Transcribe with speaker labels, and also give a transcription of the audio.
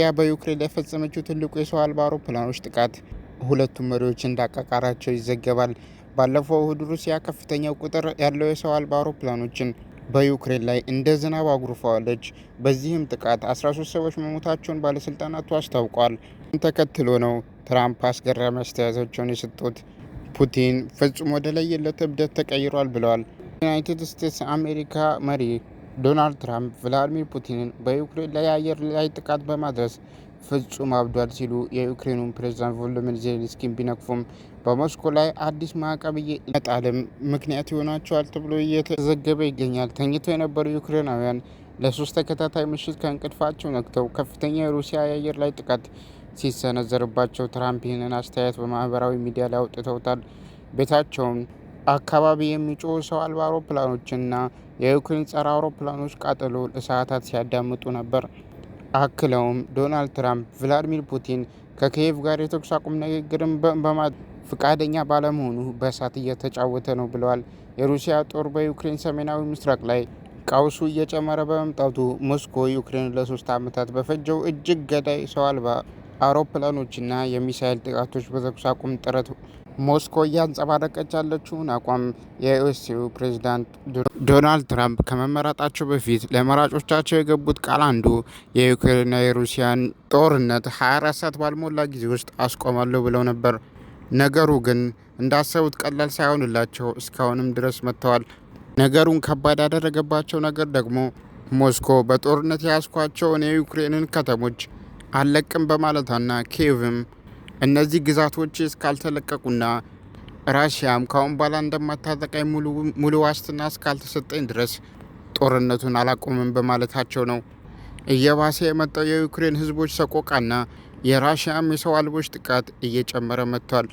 Speaker 1: ያ በዩክሬን ላይ ፈጸመችው ትልቁ የሰው አልባ አውሮፕላኖች ጥቃት ሁለቱም መሪዎች እንዳቃቃራቸው ይዘገባል። ባለፈው እሁድ ሩሲያ ከፍተኛ ቁጥር ያለው የሰው አልባ አውሮፕላኖችን በዩክሬን ላይ እንደ ዝናብ አጉርፈዋለች። በዚህም ጥቃት 13 ሰዎች መሞታቸውን ባለስልጣናቱ አስታውቋል። ተከትሎ ነው ትራምፕ አስገራሚ አስተያየታቸውን የሰጡት። ፑቲን ፍጹም ወደ ለየለት እብደት ተቀይሯል ብለዋል። ዩናይትድ ስቴትስ አሜሪካ መሪ ዶናልድ ትራምፕ ቭላዲሚር ፑቲንን በዩክሬን ላይ የአየር ላይ ጥቃት በማድረስ ፍጹም አብዷል ሲሉ የዩክሬኑን ፕሬዝዳንት ቮሎዲሚር ዜሌንስኪን ቢነቅፉም በሞስኮ ላይ አዲስ ማዕቀብ ለመጣልም ምክንያት ይሆናቸዋል ተብሎ እየተዘገበ ይገኛል። ተኝተው የነበሩ ዩክሬናውያን ለሶስት ተከታታይ ምሽት ከእንቅልፋቸው ነቅተው ከፍተኛ የሩሲያ የአየር ላይ ጥቃት ሲሰነዘርባቸው ትራምፕ ይህንን አስተያየት በማህበራዊ ሚዲያ ላይ አውጥተውታል። ቤታቸውን አካባቢ የሚጮሁ ሰው አልባ አውሮፕላኖችና የዩክሬን ጸረ አውሮፕላኖች ቃጠሎ ለሰዓታት ሲያዳምጡ ነበር። አክለውም ዶናልድ ትራምፕ ቭላዲሚር ፑቲን ከኪየቭ ጋር የተኩስ አቁም ንግግርን በማድረግ ፍቃደኛ ባለመሆኑ በእሳት እየተጫወተ ነው ብለዋል። የሩሲያ ጦር በዩክሬን ሰሜናዊ ምስራቅ ላይ ቀውሱ እየጨመረ በመምጣቱ ሞስኮ ዩክሬን ለሶስት ዓመታት በፈጀው እጅግ ገዳይ ሰው አልባ አውሮፕላኖችና የሚሳይል ጥቃቶች በተኩስ አቁም ጥረት ሞስኮ እያንጸባረቀች ያለችውን አቋም የዩኤስኤው ፕሬዚዳንት ዶናልድ ትራምፕ ከመመረጣቸው በፊት ለመራጮቻቸው የገቡት ቃል አንዱ የዩክሬንና የሩሲያን ጦርነት 24 ሰዓት ባልሞላ ጊዜ ውስጥ አስቆማለሁ ብለው ነበር። ነገሩ ግን እንዳሰቡት ቀላል ሳይሆንላቸው እስካሁንም ድረስ መጥተዋል። ነገሩን ከባድ ያደረገባቸው ነገር ደግሞ ሞስኮ በጦርነት የያዝኳቸውን የዩክሬንን ከተሞች አልለቅም በማለቷና ኪየቭም እነዚህ ግዛቶች እስካልተለቀቁና ራሽያም ካሁን በኋላ እንደማታጠቃኝ ሙሉ ዋስትና እስካልተሰጠኝ ድረስ ጦርነቱን አላቆምም በማለታቸው ነው። እየባሰ የመጣው የዩክሬን ህዝቦች ሰቆቃና የራሽያም የሰው አልቦች ጥቃት እየጨመረ መጥቷል።